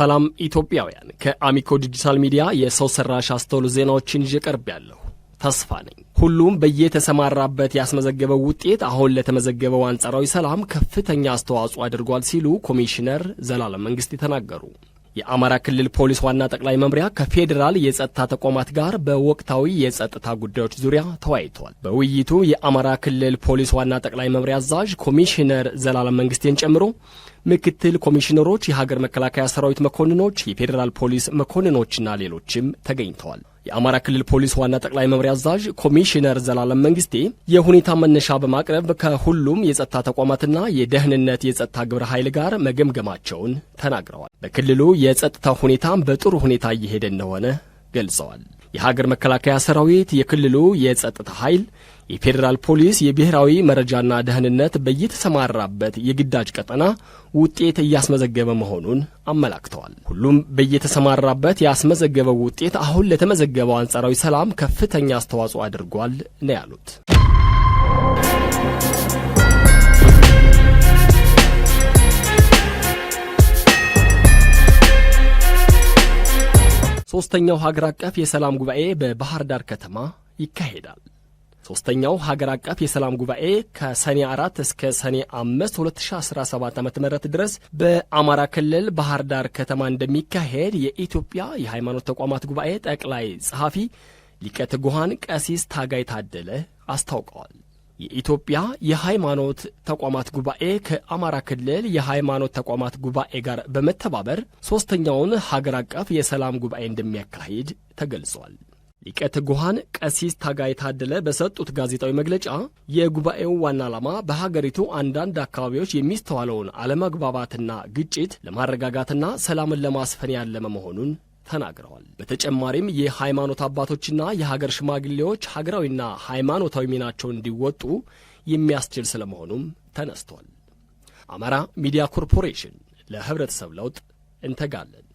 ሰላም ኢትዮጵያውያን፣ ከአሚኮ ዲጂታል ሚዲያ የሰው ሰራሽ አስተውሎት ዜናዎችን ይዤ ያለሁ ተስፋ ነኝ። ሁሉም በየተሰማራበት ያስመዘገበው ውጤት አሁን ለተመዘገበው አንጻራዊ ሰላም ከፍተኛ አስተዋጽኦ አድርጓል ሲሉ ኮሚሽነር ዘላለም መንግስት ተናገሩ። የአማራ ክልል ፖሊስ ዋና ጠቅላይ መምሪያ ከፌዴራል የጸጥታ ተቋማት ጋር በወቅታዊ የጸጥታ ጉዳዮች ዙሪያ ተወያይቷል። በውይይቱ የአማራ ክልል ፖሊስ ዋና ጠቅላይ መምሪያ አዛዥ ኮሚሽነር ዘላለም መንግስቴን ጨምሮ ምክትል ኮሚሽነሮች፣ የሀገር መከላከያ ሰራዊት መኮንኖች፣ የፌዴራል ፖሊስ መኮንኖችና ሌሎችም ተገኝተዋል። የአማራ ክልል ፖሊስ ዋና ጠቅላይ መምሪያ አዛዥ ኮሚሽነር ዘላለም መንግስቴ የሁኔታ መነሻ በማቅረብ ከሁሉም የጸጥታ ተቋማትና የደህንነት የጸጥታ ግብረ ኃይል ጋር መገምገማቸውን ተናግረዋል። በክልሉ የጸጥታ ሁኔታም በጥሩ ሁኔታ እየሄደ እንደሆነ ገልጸዋል። የሀገር መከላከያ ሰራዊት፣ የክልሉ የጸጥታ ኃይል፣ የፌዴራል ፖሊስ፣ የብሔራዊ መረጃና ደህንነት በየተሰማራበት የግዳጅ ቀጠና ውጤት እያስመዘገበ መሆኑን አመላክተዋል። ሁሉም በየተሰማራበት ያስመዘገበው ውጤት አሁን ለተመዘገበው አንጻራዊ ሰላም ከፍተኛ አስተዋጽኦ አድርጓል ነው ያሉት። ሦስተኛው ሀገር አቀፍ የሰላም ጉባኤ በባህር ዳር ከተማ ይካሄዳል። ሦስተኛው ሀገር አቀፍ የሰላም ጉባኤ ከሰኔ 4 እስከ ሰኔ 5 2017 ዓ ም ድረስ በአማራ ክልል ባህር ዳር ከተማ እንደሚካሄድ የኢትዮጵያ የሃይማኖት ተቋማት ጉባኤ ጠቅላይ ጸሐፊ ሊቀ ትጉሃን ቀሲስ ታጋይ ታደለ አስታውቀዋል። የኢትዮጵያ የሃይማኖት ተቋማት ጉባኤ ከአማራ ክልል የሃይማኖት ተቋማት ጉባኤ ጋር በመተባበር ሦስተኛውን ሀገር አቀፍ የሰላም ጉባኤ እንደሚያካሂድ ተገልጿል። ሊቀ ትጉሃን ቀሲስ ታጋይ ታደለ በሰጡት ጋዜጣዊ መግለጫ የጉባኤው ዋና ዓላማ በሀገሪቱ አንዳንድ አካባቢዎች የሚስተዋለውን አለመግባባትና ግጭት ለማረጋጋትና ሰላምን ለማስፈን ያለመ መሆኑን ተናግረዋል። በተጨማሪም የሃይማኖት አባቶችና የሀገር ሽማግሌዎች ሀገራዊና ሃይማኖታዊ ሚናቸውን እንዲወጡ የሚያስችል ስለመሆኑም ተነስቷል። አማራ ሚዲያ ኮርፖሬሽን ለህብረተሰብ ለውጥ እንተጋለን።